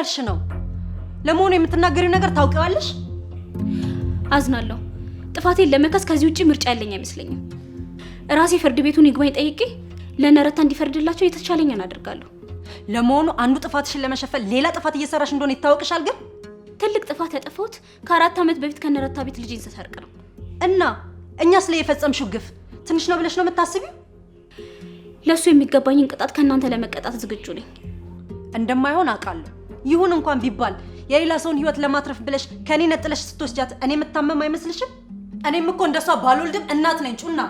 እያልሽ ነው? ለመሆኑ የምትናገሪው ነገር ታውቂዋለሽ? አዝናለሁ። ጥፋቴን ለመከስ ከዚህ ውጭ ምርጫ ያለኝ አይመስለኝም። ራሴ ፍርድ ቤቱን ይግባኝ ጠይቄ ለነረታ እንዲፈርድላቸው የተቻለኝን አድርጋለሁ። ለመሆኑ አንዱ ጥፋትሽን ለመሸፈል ሌላ ጥፋት እየሰራሽ እንደሆነ ይታወቅሻል። ግን ትልቅ ጥፋት ያጠፋሁት ከአራት ዓመት በፊት ከነረታ ቤት ልጅን ስሰርቅ ነው። እና እኛ ስለ የፈጸምሽው ግፍ ትንሽ ነው ብለሽ ነው የምታስቢው? ለእሱ የሚገባኝን ቅጣት ከእናንተ ለመቀጣት ዝግጁ ነኝ። እንደማይሆን አውቃለሁ። ይሁን እንኳን ቢባል የሌላ ሰውን ህይወት ለማትረፍ ብለሽ ከእኔ ነጥለሽ ስትወስጃት እኔ የምታመም አይመስልሽም? እኔም እኮ እንደሷ ባልወልድም እናት ነኝ ጩና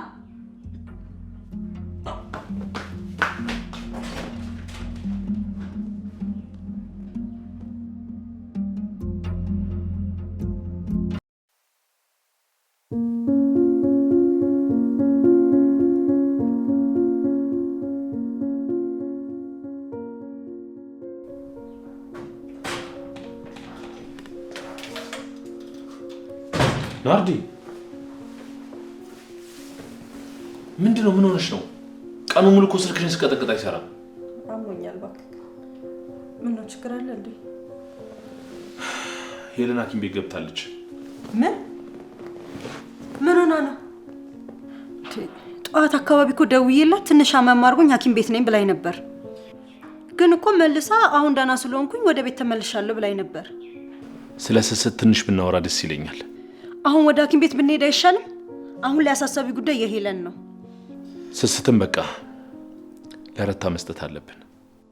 ሆነሽ ነው? ቀኑ ሙሉ እኮ ስልክሽን ስቀጠቅጥ አይሰራም። አሞኛል እባክህ። ምነው ችግር አለ እንዴ? ሄለን ሐኪም ቤት ገብታለች። ምን ምን ሆና ነው? ጠዋት አካባቢ እኮ ደውዬላት ትንሽ አመም አድርጎኝ ሐኪም ቤት ነኝ ብላኝ ነበር። ግን እኮ መልሳ አሁን ደህና ስለሆንኩኝ ወደ ቤት ተመልሻለሁ ብላኝ ነበር። ስለ ስስት ትንሽ ብናወራ ደስ ይለኛል። አሁን ወደ ሐኪም ቤት ብንሄድ አይሻልም? አሁን ላይ አሳሳቢ ጉዳይ የሄለን ነው። ስስትም በቃ ለረታ መስጠት አለብን።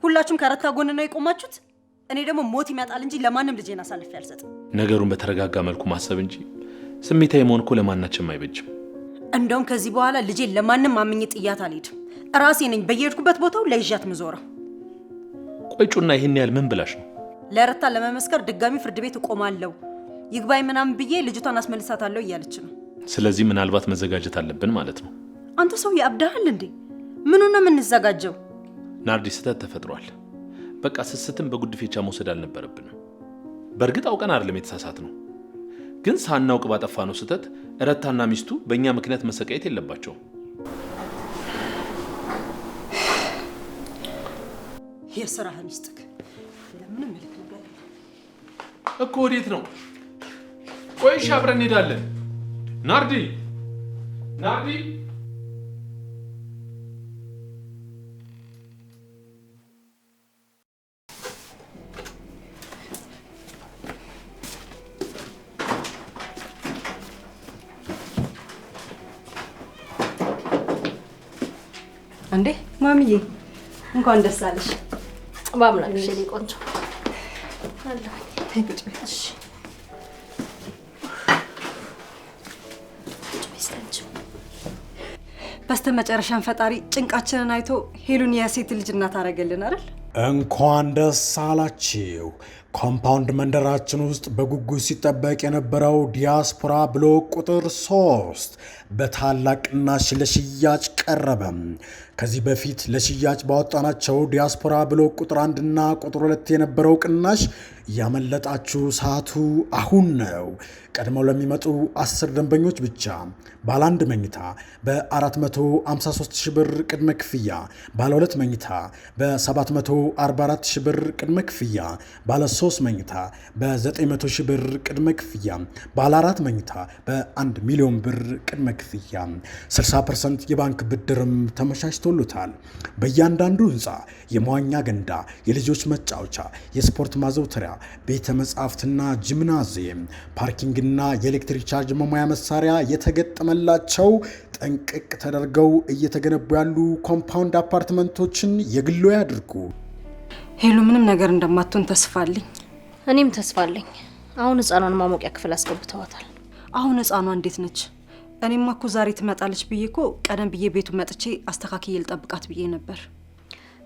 ሁላችሁም ከረታ ጎን ነው የቆማችሁት። እኔ ደግሞ ሞት ይመጣል እንጂ ለማንም ልጄን አሳልፌ አልሰጥም። ነገሩን በተረጋጋ መልኩ ማሰብ እንጂ ስሜታዊ መሆን እኮ ለማናችንም አይበጅም። እንደውም ከዚህ በኋላ ልጄን ለማንም አምኜ ጥያት አልሄድም። ራሴ ነኝ በየሄድኩበት ቦታው ለይዣት ምዞረው። ቆይጩና ይህን ያህል ምን ብላሽ ነው? ለረታ ለመመስከር ድጋሚ ፍርድ ቤት እቆማለሁ ይግባኝ ምናምን ብዬ ልጅቷን አስመልሳታለሁ እያለች ነው። ስለዚህ ምናልባት መዘጋጀት አለብን ማለት ነው። አንተ ሰውዬ ያብዳሃል እንዴ? ምኑ ነው የምንዘጋጀው? ናርዲ፣ ስህተት ተፈጥሯል። በቃ ስስትም በጉድፌቻ መውሰድ አልነበረብንም። በእርግጥ አውቀን አይደለም የተሳሳት ነው፣ ግን ሳናውቅ ባጠፋ ነው ስህተት። እረታና ሚስቱ በእኛ ምክንያት መሰቃየት የለባቸውም። የስራህን ይስጥክ። ለምንም ልክ ነገር እኮ ወዴት ነው? ቆይሽ አብረን እንሄዳለን። ናርዲ ናርዲ ማምዬ እንኳን ደስ አለሽ። የእኔ ቆንጆ በስተ መጨረሻን ፈጣሪ ጭንቃችንን አይቶ ሄሉን የሴት ልጅ እናት አደረገልን አይደል? እንኳን ደስ አላችሁ። ኮምፓውንድ መንደራችን ውስጥ በጉጉት ሲጠበቅ የነበረው ዲያስፖራ ብሎክ ቁጥር ሶስት በታላቅ ቅናሽ ለሽያጭ ቀረበ። ከዚህ በፊት ለሽያጭ ባወጣናቸው ዲያስፖራ ብሎክ ቁጥር አንድና ቁጥር ሁለት የነበረው ቅናሽ እያመለጣችሁ ሰዓቱ አሁን ነው። ቀድመው ለሚመጡ አስር ደንበኞች ብቻ ባለ አንድ መኝታ በ453 ሺህ ብር ቅድመ ክፍያ፣ ባለ ሁለት መኝታ በ744 ሺህ ብር ቅድመ ክፍያ፣ ባለ ሶስት መኝታ በ900 ሺህ ብር ቅድመ ክፍያ፣ ባለ አራት መኝታ በ1 ሚሊዮን ብር ቅድመ ክፍያ 60 ፐርሰንት የባንክ ብድርም ተመቻችቶ ተሰርቶሉታል። በእያንዳንዱ ህንፃ የመዋኛ ገንዳ፣ የልጆች መጫወቻ፣ የስፖርት ማዘውተሪያ፣ ቤተ መጻሕፍትና ጂምናዚየም፣ ፓርኪንግና የኤሌክትሪክ ቻርጅ መሙያ መሳሪያ የተገጠመላቸው ጠንቅቅ ተደርገው እየተገነቡ ያሉ ኮምፓውንድ አፓርትመንቶችን የግሎ ያድርጉ። ሄሉ ምንም ነገር እንደማትሆን ተስፋለኝ እኔም ተስፋለኝ አሁን ህፃኗን ማሞቂያ ክፍል አስገብተዋታል። አሁን ህፃኗ እንዴት ነች? እኔማ እኮ ዛሬ ትመጣለች ብዬ እኮ ቀደም ብዬ ቤቱ መጥቼ አስተካክዬ ልጠብቃት ብዬ ነበር።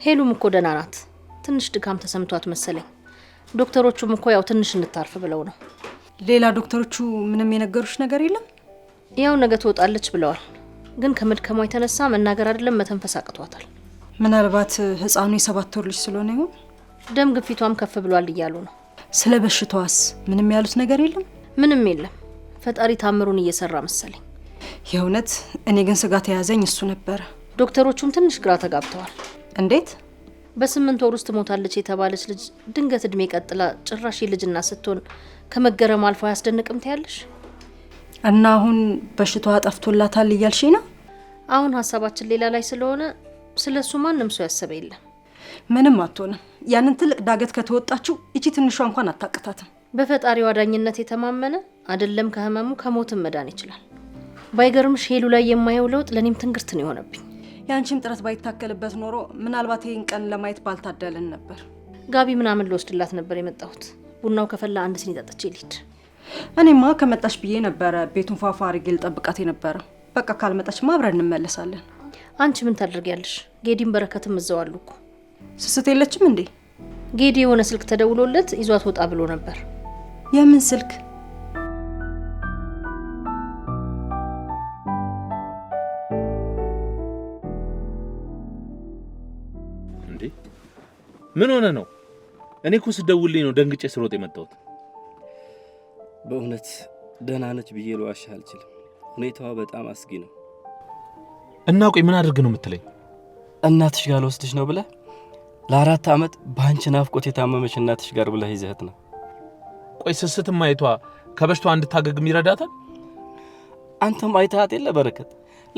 ሄሉም እኮ ደህና ናት። ትንሽ ድካም ተሰምቷት መሰለኝ። ዶክተሮቹም እኮ ያው ትንሽ እንታርፍ ብለው ነው። ሌላ ዶክተሮቹ ምንም የነገሩሽ ነገር የለም? ያው ነገ ትወጣለች ብለዋል። ግን ከመድከሟ የተነሳ መናገር አይደለም መተንፈስ አቅቷታል። ምናልባት ህፃኑ የሰባት ወር ልጅ ስለሆነ ይሆን? ደም ግፊቷም ከፍ ብሏል እያሉ ነው። ስለ በሽታዋስ ምንም ያሉት ነገር የለም? ምንም የለም። ፈጣሪ ታምሩን እየሰራ መሰለኝ የእውነት እኔ ግን ስጋት የያዘኝ እሱ ነበረ። ዶክተሮቹም ትንሽ ግራ ተጋብተዋል። እንዴት በስምንት ወር ውስጥ ሞታለች የተባለች ልጅ ድንገት እድሜ ቀጥላ ጭራሽ ልጅና ስትሆን ከመገረም አልፎ አያስደንቅም ትያለሽ? እና አሁን በሽታዋ ጠፍቶላታል እያልሽ ነው? አሁን ሀሳባችን ሌላ ላይ ስለሆነ ስለ እሱ ማንም ሰው ያሰበ የለም። ምንም አትሆንም። ያንን ትልቅ ዳገት ከተወጣችው እቺ ትንሿ እንኳን አታቅታትም። በፈጣሪው አዳኝነት የተማመነ አይደለም ከህመሙ ከሞትም መዳን ይችላል። ባይገርምሽ ሄሉ ላይ የማየው ለውጥ ለእኔም ትንግርት ነው የሆነብኝ። የአንቺም ጥረት ባይታከልበት ኖሮ ምናልባት ይህን ቀን ለማየት ባልታደልን ነበር። ጋቢ ምናምን ልወስድላት ነበር የመጣሁት። ቡናው ከፈላ አንድ ስኒ ጠጥቼ ልሂድ። እኔማ ከመጣች ብዬ ነበረ ቤቱን ፏፏ አድርጌ ልጠብቃት የነበረ። በቃ ካልመጣች አብረን እንመለሳለን። አንቺ ምን ታደርጊያለሽ? ጌዲም በረከትም እዛው አሉ እኮ። ስስት የለችም እንዴ? ጌዲ የሆነ ስልክ ተደውሎለት ይዟት ወጣ ብሎ ነበር። የምን ስልክ? ምን ሆነ ነው? እኔ እኮ ስደውልኝ ነው ደንግጬ ስሮጥ የመጣሁት። በእውነት ደህና ነች ብዬ ልዋሻ አልችልም። ሁኔታዋ በጣም አስጊ ነው። እና ቆይ ምን አድርግ ነው የምትለኝ? እናትሽ ጋር ልወስድሽ ነው ብለህ ለአራት ዓመት በአንቺ ናፍቆት የታመመች እናትሽ ጋር ብለህ ይዘህት ነው። ቆይ ስስትም ማየቷ ከበሽቷ እንድታገግም ይረዳታል። አንተም አይተሃት የለ በረከት፣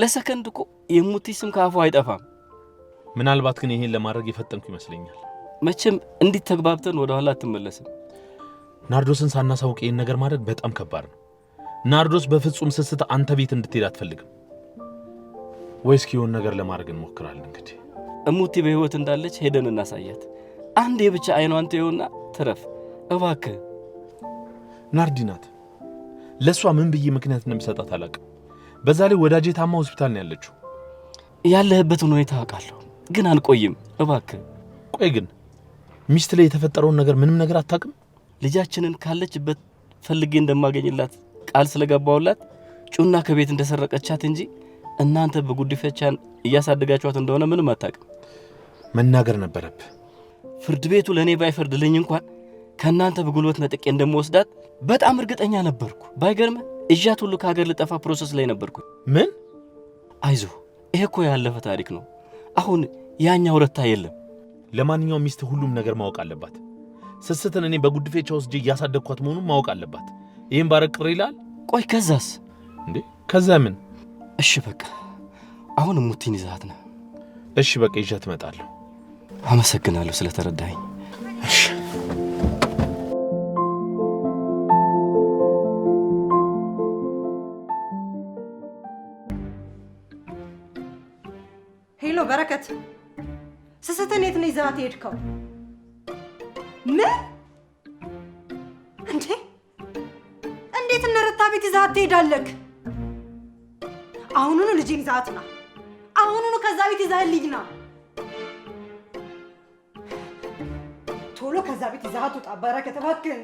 ለሰከንድ እኮ የሙቲ ስም ከአፏ አይጠፋም። ምናልባት ግን ይሄን ለማድረግ የፈጠንኩ ይመስለኛል። መቼም እንዲህ ተግባብተን ወደኋላ አትመለስም። ናርዶስን ሳናሳውቅ ይህን ነገር ማድረግ በጣም ከባድ ነው። ናርዶስ በፍጹም ስስት አንተ ቤት እንድትሄድ አትፈልግም። ወይ እስኪ ነገር ለማድረግ እንሞክራለን። እንግዲህ እሙቲ በሕይወት እንዳለች ሄደን እናሳያት። አንድ የብቻ አይኗን ትየውና ትረፍ እባክህ። ናርዲናት ናት። ለእሷ ምን ብዬ ምክንያት እንደምሰጣት አላውቅም። በዛ ላይ ወዳጄ ታማ ሆስፒታል ነው ያለችው። ያለህበትን ሁኔታ አውቃለሁ፣ ግን አልቆይም። እባክህ ቆይ ግን ሚስት ላይ የተፈጠረውን ነገር ምንም ነገር አታውቅም። ልጃችንን ካለችበት ፈልጌ እንደማገኝላት ቃል ስለገባውላት ጩና ከቤት እንደሰረቀቻት እንጂ እናንተ በጉዲፈቻን እያሳደጋችኋት እንደሆነ ምንም አታውቅም። መናገር ነበረብ ፍርድ ቤቱ ለእኔ ባይፈርድልኝ እንኳን ከእናንተ በጉልበት ነጥቄ እንደምወስዳት በጣም እርግጠኛ ነበርኩ። ባይገርም እዣት ሁሉ ከሀገር ልጠፋ ፕሮሰስ ላይ ነበርኩ። ምን? አይዞ ይሄ እኮ ያለፈ ታሪክ ነው። አሁን ያኛው ረታ የለም። ለማንኛውም ሚስት ሁሉም ነገር ማወቅ አለባት። ስስትን እኔ በጉድፌቻ ውስጄ እያሳደግኳት መሆኑን ማወቅ አለባት። ይህም ባረቅ ይላል። ቆይ ከዛስ? እንዴ ከዛ ምን? እሺ በቃ አሁን ሙቲን ይዛት ነው። እሺ በቃ ይዣ ትመጣለሁ። አመሰግናለሁ ስለተረዳኝ። እሺ ሄሎ በረከት ስስትህን የት ነው ይዘሃት የሄድከው? ምን እንዴ! እንዴት እነ ረታ ቤት ይዘሃት ትሄዳለህ? አሁኑኑ ልጄን ይዘሃት ና! አሁኑኑ ከዛ ቤት ይዘህልኝ ና! ቶሎ ከዛ ቤት ይዘሃት ውጣ! ባረከ ተባክህን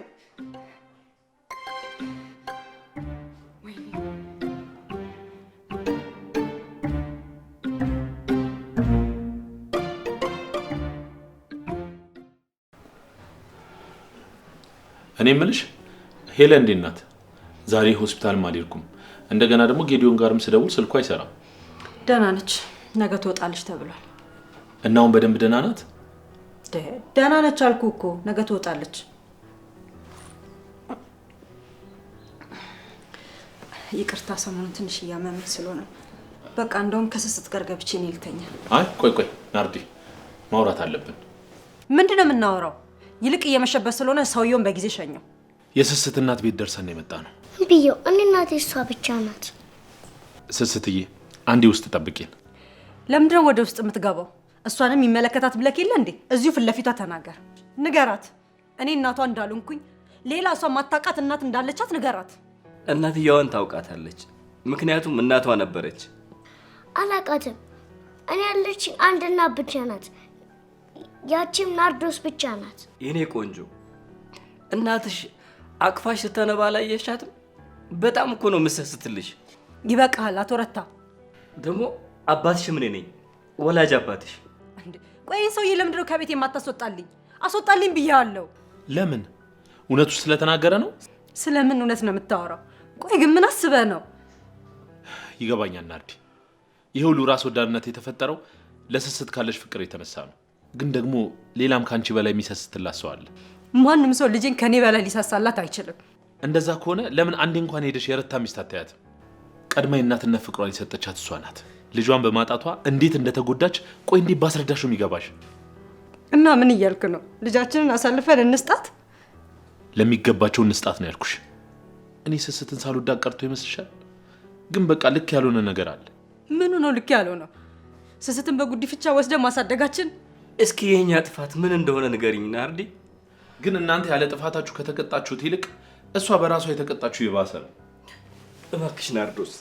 ምልሽ ሄለ እንዴት ናት? ዛሬ ሆስፒታልም አልሄድኩም። እንደገና ደግሞ ጌዲዮን ጋርም ስደውል ስልኩ አይሰራም። ደህና ነች፣ ነገ ትወጣለች ተብሏል። እናውን በደንብ ደህና ናት? ደህና ነች አልኩ እኮ ነገ ትወጣለች። ይቅርታ ሰሞኑን ትንሽ እያመመኝ ስለሆነ በቃ እንደውም ከስስት ጋር ገብቼ እኔ ልተኛ። አይ ቆይ ቆይ ናርዲ፣ ማውራት አለብን። ምንድን ነው የምናወራው? ይልቅ እየመሸበት ስለሆነ ሰውየውን በጊዜ ሸኘው። የስስት እናት ቤት ደርሰን የመጣ ነው ብዬው እኔ እናቴ እሷ ብቻ ናት። ስስትዬ አንዴ ውስጥ ጠብቂን። ለምንድነው ወደ ውስጥ የምትገባው? እሷንም ይመለከታት ብለክ የለ እንዴ? እዚሁ ፊት ለፊቷ ተናገር። ንገራት እኔ እናቷ እንዳልሆንኩኝ ሌላ እሷ ማታውቃት እናት እንዳለቻት ንገራት። እናትየዋን ታውቃታለች፣ ምክንያቱም እናቷ ነበረች። አላውቃትም። እኔ ያለችኝ አንድ እናት ብቻ ናት። ያቺም ናርዶስ ብቻ ናት። የኔ ቆንጆ እናትሽ አቅፋሽ ስተነባ ላይ የሻትም በጣም እኮ ነው ምሰስትልሽ። ይበቃሃል አቶ ረታ። ደግሞ አባትሽ ምን ነኝ ወላጅ አባትሽ። ቆይን ሰውዬ ለምንድን ነው ከቤት የማታስወጣልኝ? አስወጣልኝ ብያለሁ። ለምን? እውነቱ ስለተናገረ ነው። ስለምን እውነት ነው የምታወራው? ቆይ ግን ምን አስበህ ነው? ይገባኛል ናርዲ፣ ይህ ሁሉ ራስ ወዳድነት የተፈጠረው ለስስት ካለሽ ፍቅር የተነሳ ነው። ግን ደግሞ ሌላም ከአንቺ በላይ የሚሰስትላት ሰው አለ። ማንም ሰው ልጄን ከኔ በላይ ሊሳሳላት አይችልም። እንደዛ ከሆነ ለምን አንዴ እንኳን ሄደሽ የረታ ሚስት አታያትም? ቀድማ የእናትነት ፍቅሯን የሰጠቻት እሷ ናት። ልጇን በማጣቷ እንዴት እንደተጎዳች ቆይ እንዴት ባስረዳሽ የሚገባሽ እና ምን እያልክ ነው? ልጃችንን አሳልፈን እንስጣት? ለሚገባቸው እንስጣት ነው ያልኩሽ። እኔ ስስትን ሳልወዳ ቀርቶ ይመስልሻል? ግን በቃ ልክ ያልሆነ ነገር አለ። ምኑ ነው ልክ ያልሆነው? ስስትን በጉዲፍቻ ወስደን ማሳደጋችን እስኪ የኛ ጥፋት ምን እንደሆነ ንገሪኝና አርዲ። ግን እናንተ ያለ ጥፋታችሁ ከተቀጣችሁት ይልቅ እሷ በራሷ የተቀጣችሁ ይባሰ ነው። እባክሽ ናርዶስ፣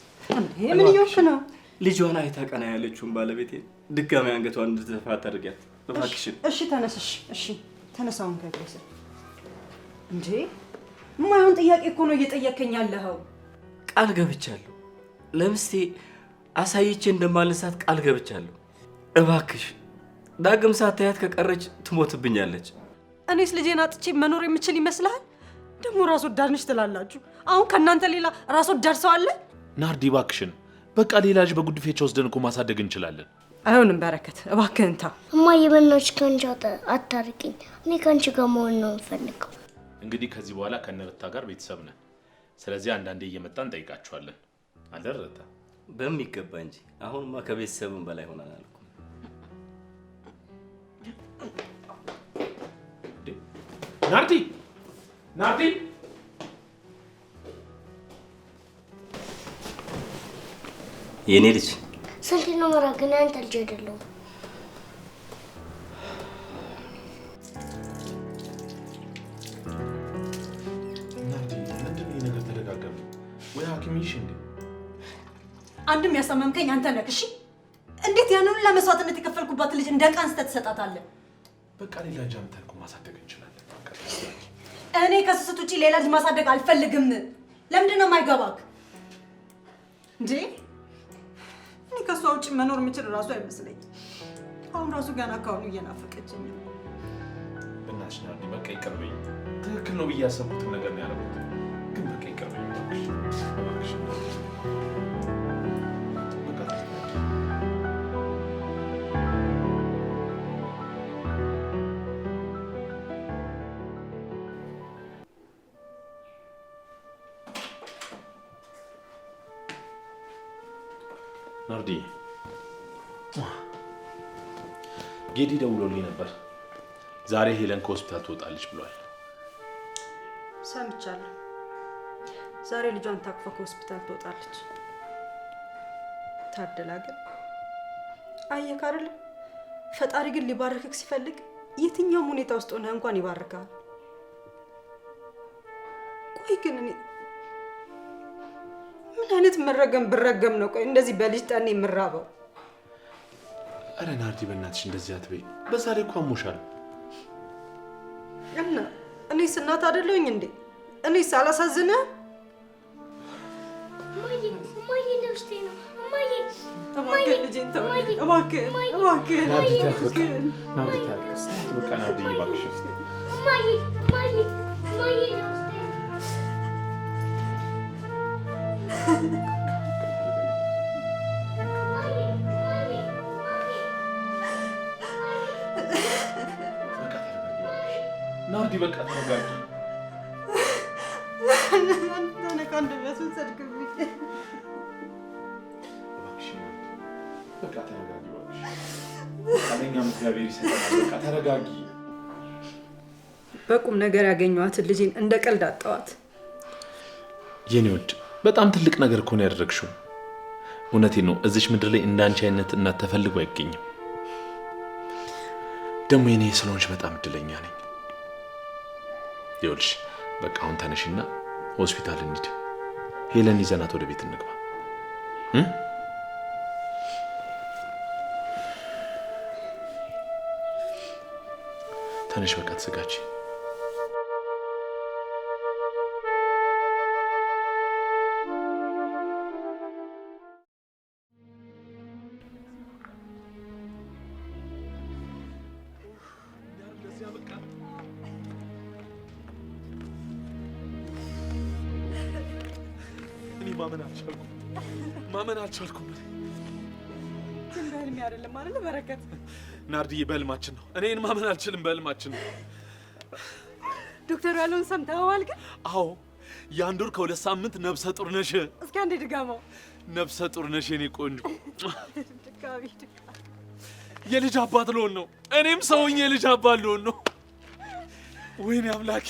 ምን እየሆንሽ ነው? ልጇን አይታ ቀና ያለችውን ባለቤቴ ድጋሚ አንገቷን እንድትደፋ ታደርጊያት እባክሽን። እሺ ተነስሽ። እሺ ተነሳውን ከግሬስ እንዴ የማይሆን ጥያቄ እኮ ነው እየጠየከኝ ያለኸው። ቃል ገብቻለሁ፣ ለምስቴ አሳይቼ እንደማልሳት ቃል ገብቻለሁ። እባክሽ ዳግም ሳታያት ከቀረች ትሞትብኛለች። እኔስ ልጄን አጥቼ መኖር የምችል ይመስልሃል? ደግሞ ራስ ወዳድ ነሽ ትላላችሁ። አሁን ከእናንተ ሌላ ራስ ወዳድ ሰው አለ? ናርዲ እባክሽን፣ በቃ ሌላ ልጅ በጉድፌቻ ወስደን እኮ ማሳደግ እንችላለን። አይሆንም በረከት፣ እባክህን ተው። እማዬ በእናትሽ ከአንቺ አታርቂኝ። እኔ ከአንቺ ጋር መሆን ነው የምፈልገው። እንግዲህ ከዚህ በኋላ ከነርታ ጋር ቤተሰብ ነን። ስለዚህ አንዳንዴ እየመጣ እንጠይቃችኋለን። አደረታ በሚገባ እንጂ አሁንማ ከቤተሰብም በላይ ሆናል። ናርቲ ናርቲ የኔ ልጅ ስንት ኖራ ግን አንተ ልጅ አይደለሁም። አንድም ያሳመምከኝ አንተ ነህ። እሺ እንዴት ያን ለመስዋዕትነት የከፈልኩባት ልጅ እንደ ዕቃ ትሰጣታለህ? በቃ ሌላ ልጅ አምጥተን እኮ ማሳደግ እንችላለን። እኔ ከስስት ውጪ ሌላ ልጅ ማሳደግ አልፈልግም። ለምንድን ነው የማይገባክ እንዴ? እኔ ከእሷ ውጪ መኖር የምችል እራሱ አይመስለኝም። አሁን ራሱ ገና ካሁኑ እየናፈቀችኝ ነው። በእናትሽ ናኒ በቃ ይቅርበኝ። ትክክል ነው ብዬ ያሰብኩትን ነገር ነው ያደረኩት፣ ግን በቃ ይቅርበኝ እባክሽ። ጌዲ ደውሎልኝ ነበር። ዛሬ ሄለን ከሆስፒታል ትወጣለች ብሏል። ሰምቻለሁ። ዛሬ ልጇን ታቅፋ ከሆስፒታል ትወጣለች። ታደላ ግን አየህ አይደል? ፈጣሪ ግን ሊባረክክ ሲፈልግ የትኛውም ሁኔታ ውስጥ ሆነህ እንኳን ይባርካል። ቆይ ግን እኔ ምን አይነት መረገም ብረገም ነው? ቆይ እንደዚህ በልጅ ጠኔ የምራበው እረ ናርዲ በእናትሽ እንደዚህ አትበይ። በዛሬ እኮ አሞሻል። እና እኔስ እናት አይደለሁኝ እንዴ? እኔስ አላሳዝነ በቃ በቃ ተረጋጊ። ተረጋጊ። በቁም ነገር ያገኘኋትን ልጄን እንደ ቀልድ አጣዋት። የኔ ወድ በጣም ትልቅ ነገር ከሆነ ነው ያደረግሽው። እውነቴ ነው። እዚች ምድር ላይ እንዳንቺ አይነት እናት ተፈልጎ አይገኝም። ደግሞ የኔ ስለሆንሽ በጣም እድለኛ ነኝ። ይኸውልሽ በቃ አሁን ተነሽና ሆስፒታል እንሂድ። ሄለን ይዘናት ወደ ቤት እንግባ። ተነሽ በቃ ተዘጋጅ። ማመን አልቻልኩም፣ ማመን አልቻልኩም። ግን በህልሜ አይደለም አይደል? በረከት ናርድዬ፣ በህልማችን ነው። እኔን ማመን አልችልም፣ በህልማችን ነው። ዶክተሩ ያለውን ሰምተኸዋል? ግን አዎ፣ የአንድ ወር ከሁለት ሳምንት ነብሰ ጡር ነሽ። እስኪ አንዴ ድጋማው። ነብሰ ጡር ነሽ የኔ ቆንጆ። ድጋሚ የልጅ አባት ልሆን ነው። እኔም ሰውኝ የልጅ አባት ልሆን ነው። ወይኔ አምላኬ።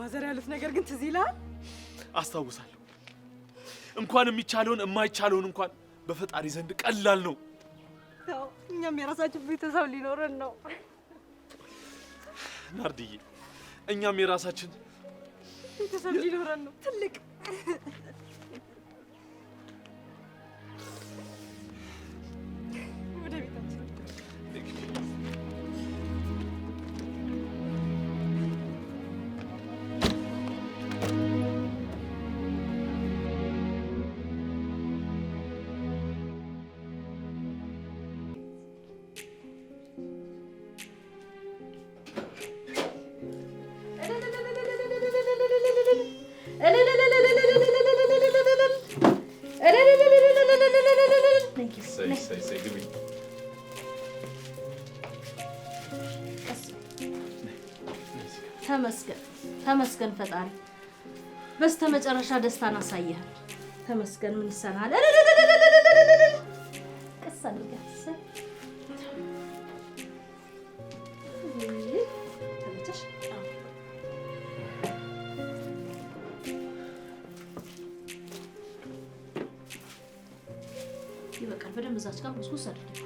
ማዘር ያሉት ነገር ግን ትዝ ይልሃል? አስታውሳለሁ። እንኳን የሚቻለውን የማይቻለውን እንኳን በፈጣሪ ዘንድ ቀላል ነው። እኛም የራሳችን ቤተሰብ ሊኖረን ነው ናርድዬ፣ እኛም የራሳችን ቤተሰብ ሊኖረን ነው ትልቅ ተመስገን ፈጣሪ። በስተመጨረሻ ደስታን አሳየሃል። ተመስገን። ምን ይሰናል? ቀስ ይበቃል። በደንብ እዛች ጋር ቁስቁስ አድርግ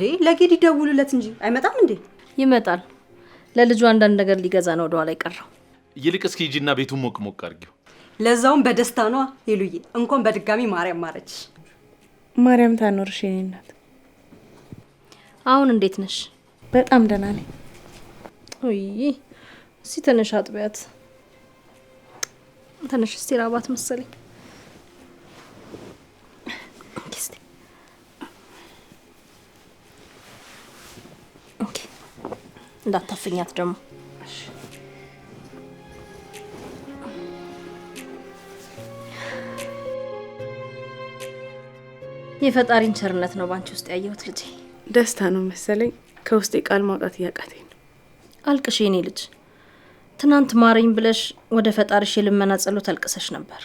እንዴ ለጌዲ ይደውሉለት እንጂ አይመጣም እንዴ? ይመጣል። ለልጁ አንዳንድ ነገር ሊገዛ ነው። ወደኋላ አይቀረው። ይልቅ እስኪ ሂጂና ቤቱን ሞቅ ሞቅ አድርጊው። ለዛውም በደስታ ነዋ። ሄሉዬ እንኳን በድጋሚ ማርያም ማረች። ማርያም ታኖርሽ የኔ እናት። አሁን እንዴት ነሽ? በጣም ደህና ነኝ። ውይ እስቲ ተነሽ አጥቢያት። ተነሽ እስቲ ራባት መሰለኝ እንዳታፈኛት ደግሞ የፈጣሪን ቸርነት ነው በአንቺ ውስጥ ያየሁት ልጄ። ደስታ ነው መሰለኝ ከውስጤ ቃል ማውጣት እያቃተኝ ነው። አልቅሽ የኔ ልጅ። ትናንት ማረኝ ብለሽ ወደ ፈጣሪሽ የልመና ጸሎት አልቅሰሽ ነበር።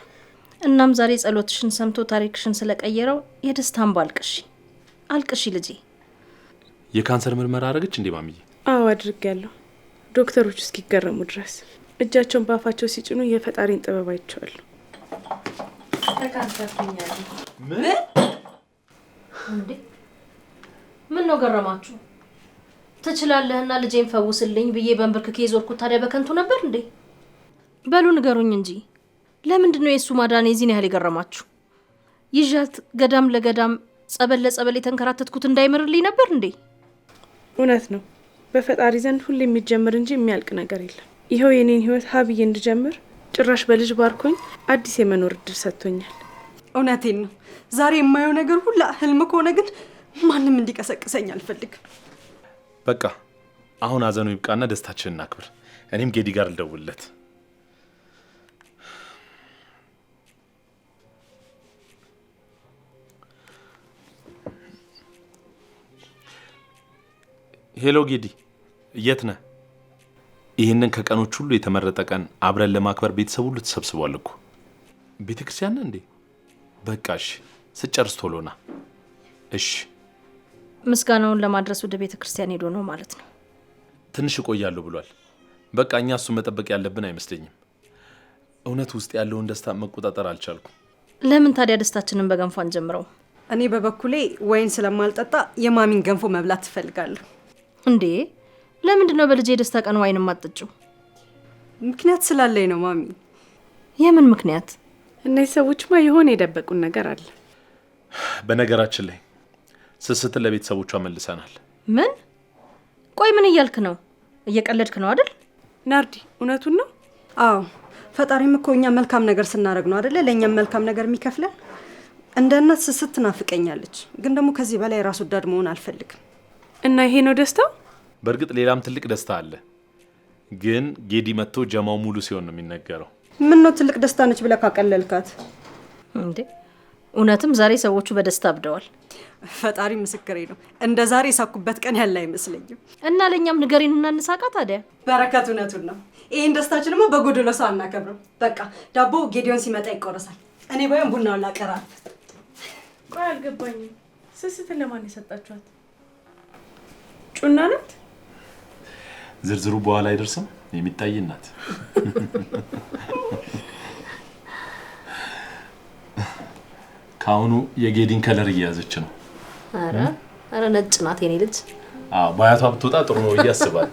እናም ዛሬ ጸሎትሽን ሰምቶ ታሪክሽን ስለቀየረው የደስታ እንባ አልቅሺ፣ አልቅሺ ልጄ። የካንሰር ምርመራ አረገች እንዴ ማሚዬ? አዎ አድርጌያለሁ። ዶክተሮች እስኪገረሙ ድረስ እጃቸውን በአፋቸው ሲጭኑ የፈጣሪን ጥበብ አይቸዋሉ። ምን ነው ገረማችሁ? ትችላለህና ልጄን ፈውስልኝ ብዬ በንብርክኬ ዞርኩት። ታዲያ በከንቱ ነበር እንዴ? በሉ ንገሩኝ እንጂ ለምንድን ነው የእሱ ማዳን የዚህን ያህል የገረማችሁ? ይዣት ገዳም ለገዳም ጸበል ለጸበል የተንከራተትኩት እንዳይምርልኝ ነበር እንዴ? እውነት ነው በፈጣሪ ዘንድ ሁሌ የሚጀምር እንጂ የሚያልቅ ነገር የለም። ይኸው የኔን ህይወት ሀብዬ እንድጀምር ጭራሽ በልጅ ባርኮኝ አዲስ የመኖር እድል ሰጥቶኛል። እውነቴን ነው። ዛሬ የማየው ነገር ሁላ ህልም ከሆነ ግን ማንም እንዲቀሰቅሰኝ አልፈልግም። በቃ አሁን ሀዘኑ ይብቃና ደስታችንን እናክብር። እኔም ጌዲ ጋር ልደውልለት። ሄሎ ጌዲ፣ የት ነህ? ይህንን ከቀኖች ሁሉ የተመረጠ ቀን አብረን ለማክበር ቤተሰብ ሁሉ ተሰብስቧል እኮ። ቤተ ክርስቲያን እንዴ? በቃ እሺ፣ ስጨርስ ቶሎ ና። እሺ። ምስጋናውን ለማድረስ ወደ ቤተ ክርስቲያን ሄዶ ነው ማለት ነው። ትንሽ እቆያለሁ ብሏል። በቃ እኛ እሱን መጠበቅ ያለብን አይመስለኝም። እውነት ውስጥ ያለውን ደስታ መቆጣጠር አልቻልኩም። ለምን ታዲያ ደስታችንን በገንፎ አንጀምረው? እኔ በበኩሌ ወይን ስለማልጠጣ የማሚን ገንፎ መብላት ትፈልጋለሁ። እንዴ ለምንድን ነው በልጄ የደስታ ቀን ዋይን የማጠጪው? ምክንያት ስላለኝ ነው ማሚ። የምን ምክንያት? እነዚህ ሰዎችማ የሆነ የደበቁን ነገር አለ። በነገራችን ላይ ስስትን ለቤተሰቦቿ መልሰናል። ምን? ቆይ ምን እያልክ ነው? እየቀለድክ ነው አይደል? ናርዲ እውነቱን ነው። አዎ ፈጣሪም እኮ እኛ መልካም ነገር ስናደርግ ነው አደለ ለእኛም መልካም ነገር የሚከፍለን። እንደ እናት ስስት ትናፍቀኛለች፣ ግን ደግሞ ከዚህ በላይ ራስ ወዳድ መሆን አልፈልግም። እና ይሄ ነው ደስታው? በእርግጥ ሌላም ትልቅ ደስታ አለ፣ ግን ጌዲ መጥቶ ጀማው ሙሉ ሲሆን ነው የሚነገረው። ምን ነው ትልቅ ደስታ ነች ብለህ ካቀለልካት እንዴ? እውነትም ዛሬ ሰዎቹ በደስታ አብደዋል። ፈጣሪ ምስክሬ ነው፣ እንደ ዛሬ የሳኩበት ቀን ያለ አይመስለኝም። እና ለእኛም ንገሪን እናንሳቃ ታዲያ። በረከት እውነቱን ነው። ይህን ደስታችንማ በጎደሎ ሰው አናከብረው። በቃ ዳቦ ጌዲዮን ሲመጣ ይቆረሳል። እኔ ባይሆን ቡናውን ላቀራል። ቆይ አልገባኝም፣ ስስትን ለማን የሰጣችኋት? እጮኛ ናት። ዝርዝሩ በኋላ አይደርስም። የሚታይ ናት። ከአሁኑ የጌዲን ከለር እየያዘች ነው። ኧረ ነጭ ናት የኔ ልጅ። ባያቷ ብትወጣ ጥሩ ነው ብዬ አስባለሁ።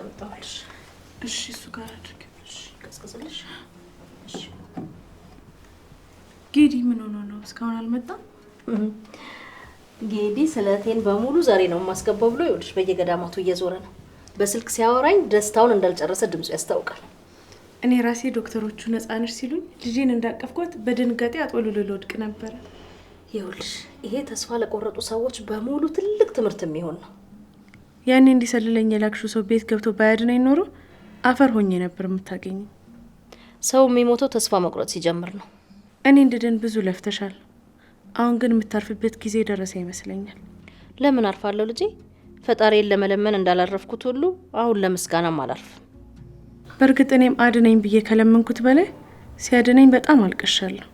አመጣሁልሽ። እሺ፣ እሱ ጋር አድርግ። ቀዝቅዝልሽ። ጌዲ ምን ሆኖ ነው እስካሁን አልመጣም? ጌዲ ስለቴን በሙሉ ዛሬ ነው የማስገባው ብሎ ይኸውልሽ በየገዳማቱ እየዞረ ነው። በስልክ ሲያወራኝ ደስታውን እንዳልጨረሰ ድምፁ ያስታውቃል። እኔ ራሴ ዶክተሮቹ ነፃነሽ ነሽ ሲሉኝ ልጄን እንዳቀፍኳት በድንጋጤ አጥወልሎ ልወድቅ ነበረ። ይኸውልሽ ይሄ ተስፋ ለቆረጡ ሰዎች በሙሉ ትልቅ ትምህርት የሚሆን ነው። ያኔ እንዲሰልለኝ የላክሽው ሰው ቤት ገብቶ ባያድነኝ ኖሮ አፈር ሆኜ ነበር የምታገኝ። ሰው የሚሞተው ተስፋ መቁረጥ ሲጀምር ነው። እኔ እንድድን ብዙ ለፍተሻል። አሁን ግን የምታርፍበት ጊዜ ደረሰ ይመስለኛል። ለምን አርፋለሁ ልጄ? ፈጣሪን ለመለመን እንዳላረፍኩት ሁሉ አሁን ለምስጋናም አላርፍ በእርግጥ እኔም አድነኝ ብዬ ከለመንኩት በላይ ሲያድነኝ በጣም አልቀሻለሁ።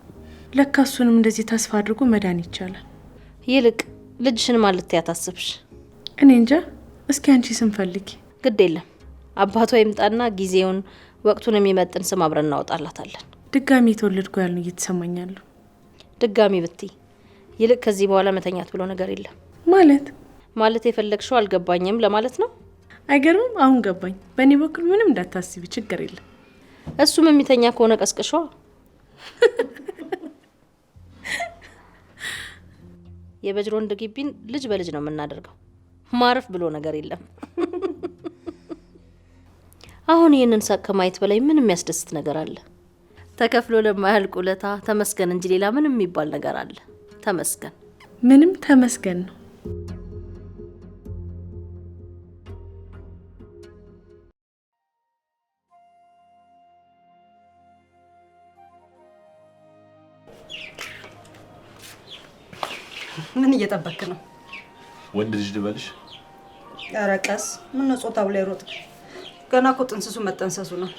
ለካ እሱንም እንደዚህ ተስፋ አድርጎ መዳን ይቻላል። ይልቅ ልጅሽን ማልት ያታስብሽ እኔ እንጃ እስኪ አንቺ ስንፈልጊ ግድ የለም አባቷ ይምጣና ጊዜውን ወቅቱን የሚመጥን ስም አብረን እናወጣላታለን። ድጋሚ የተወለድኩ ያሉ እየተሰማኛለሁ። ድጋሚ ብትይ ይልቅ ከዚህ በኋላ መተኛት ብሎ ነገር የለም ማለት ማለት የፈለግሽው አልገባኝም ለማለት ነው። አይገርምም? አሁን ገባኝ። በእኔ በኩል ምንም እንዳታስቢ፣ ችግር የለም። እሱም የሚተኛ ከሆነ ቀስቅሿ። የበጅሮንድ ግቢን ልጅ በልጅ ነው የምናደርገው። ማረፍ ብሎ ነገር የለም። አሁን ይህንን ሳቅ ከማየት በላይ ምን የሚያስደስት ነገር አለ? ተከፍሎ ለማያልቅ ውለታ ተመስገን እንጂ ሌላ ምንም የሚባል ነገር አለ? ተመስገን ምንም ተመስገን ነው። ምን እየጠበክ ነው? ወንድ ልጅ ልበልሽ? ኧረ ቀስ። ምነው ጾታው ላይ ሮጥ? ገና እኮ ጥንስሱ መጠንሰሱ ነው።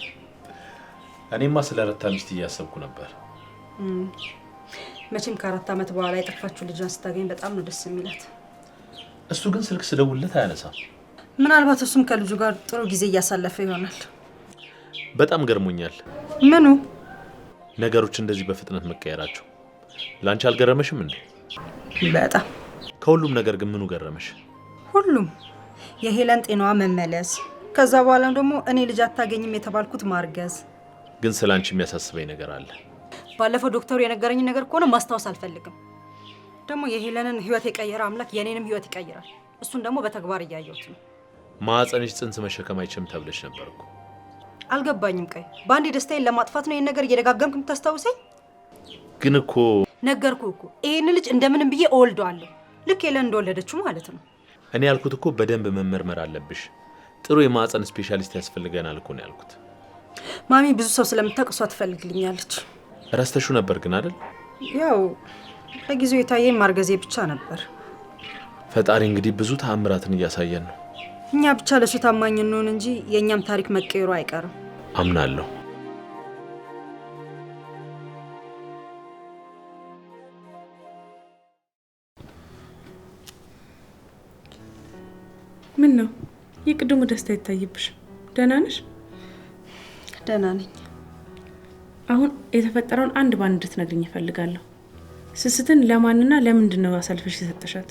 እኔማ ስለ ረታ ሚስት እያሰብኩ ነበር። መቼም ከአራት ዓመት በኋላ የጠፋችሁ ልጇን ስታገኝ በጣም ነው ደስ የሚላት። እሱ ግን ስልክ ስደውልለት አያነሳም። ምናልባት እሱም ከልጁ ጋር ጥሩ ጊዜ እያሳለፈ ይሆናል። በጣም ገርሞኛል። ምኑ? ነገሮች እንደዚህ በፍጥነት መቀየራቸው። ለአንቺ አልገረመሽም እንዴ? በጣም ከሁሉም ነገር ግን ምኑ ገረመሽ? ሁሉም የሄለን ጤናዋ መመለስ፣ ከዛ በኋላም ደግሞ እኔ ልጅ አታገኝም የተባልኩት ማርገዝ። ግን ስለ አንቺ የሚያሳስበኝ ነገር አለ። ባለፈው ዶክተሩ የነገረኝ ነገር ከሆነ ማስታወስ አልፈልግም። ደግሞ የሄለንን ህይወት የቀየረ አምላክ የኔንም ህይወት ይቀይራል። እሱን ደግሞ በተግባር እያየሁት ነው። ማህፀንሽ ጽንስ መሸከም አይችልም ተብለሽ ነበር እኮ። አልገባኝም። ቀይ በአንድ ደስታዬን ለማጥፋት ነው ይህን ነገር እየደጋገምክ የምታስታውሰኝ? ግን እኮ ነገርኩ እኮ ይህን ልጅ እንደምንም ብዬ እወልደዋለሁ። ልክ የለን እንደወለደችው ማለት ነው። እኔ ያልኩት እኮ በደንብ መመርመር አለብሽ፣ ጥሩ የማህፀን ስፔሻሊስት ያስፈልገናል እኮ ነው ያልኩት። ማሚ ብዙ ሰው ስለምታውቅ እሷ ትፈልግልኛለች። ረስተሹ ነበር ግን አይደል? ያው ለጊዜው የታየኝ ማርገዜ ብቻ ነበር። ፈጣሪ እንግዲህ ብዙ ተአምራትን እያሳየን ነው። እኛ ብቻ ለሱ ታማኝ እንሆን እንጂ የእኛም ታሪክ መቀየሩ አይቀርም። አምናለሁ። ምን ነው የቅድሙ ደስታ ይታይብሽ? ደህና ነሽ? ደህና ነኝ። አሁን የተፈጠረውን አንድ ባንድ እንድትነግሪኝ እፈልጋለሁ። ስስትን ለማንና ለምንድን ነው አሳልፈሽ የሰጠሻት?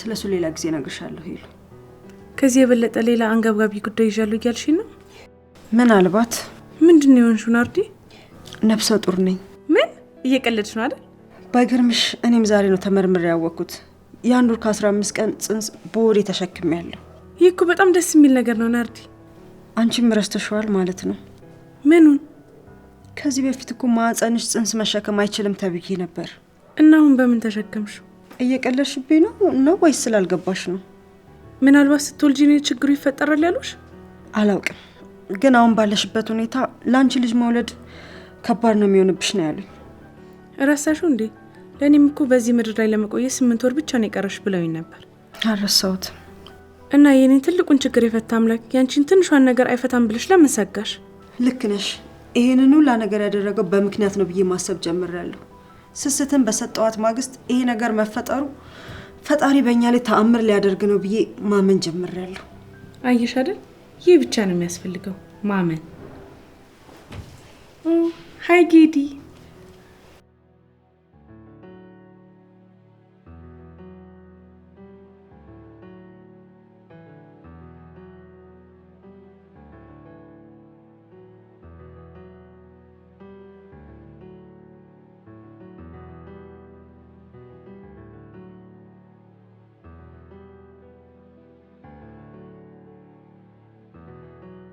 ስለ እሱ ሌላ ጊዜ እነግርሻለሁ ይሉ ከዚህ የበለጠ ሌላ አንገብጋቢ ጉዳይ ይዣለሁ እያልሽ ነው? ምናልባት። ምንድን ነው የሆንሽው? ናርዲ፣ ነፍሰ ጡር ነኝ። ምን እየቀለድሽ ነው አይደል? ባይገርምሽ እኔም ዛሬ ነው ተመርምሬ ያወቅኩት። የአንድ ወር ከ15 ቀን ጽንስ በወዴ ተሸክም ያለው። ይህ እኮ በጣም ደስ የሚል ነገር ነው ናርዲ። አንቺም ረስተሸዋል ማለት ነው። ምኑን? ከዚህ በፊት እኮ ማህፀንሽ ጽንስ መሸከም አይችልም ተብዬ ነበር እና አሁን በምን ተሸከምሽ? እየቀለድሽብኝ ነው ነው ወይስ ስላልገባሽ ነው? ምናልባት ስትወልጂ እኔ ችግሩ ይፈጠራል ያሉሽ? አላውቅም፣ ግን አሁን ባለሽበት ሁኔታ ለአንቺ ልጅ መውለድ ከባድ ነው የሚሆንብሽ ነው ያሉኝ። ረሳሽው እንዴ? ለእኔም እኮ በዚህ ምድር ላይ ለመቆየት ስምንት ወር ብቻ ነው የቀረሽ ብለውኝ ነበር። አረሰውት እና የኔን ትልቁን ችግር የፈታ አምላክ ያንቺን ትንሿን ነገር አይፈታም ብለሽ ለምን ሰጋሽ? ልክ ነሽ። ይህንን ሁላ ነገር ያደረገው በምክንያት ነው ብዬ ማሰብ ጀምሬያለሁ። ስስትን በሰጠዋት ማግስት ይሄ ነገር መፈጠሩ ፈጣሪ በእኛ ላይ ተአምር ሊያደርግ ነው ብዬ ማመን ጀምሬያለሁ። አየሽ አይደል? ይህ ብቻ ነው የሚያስፈልገው ማመን። ሀይ ጌዲ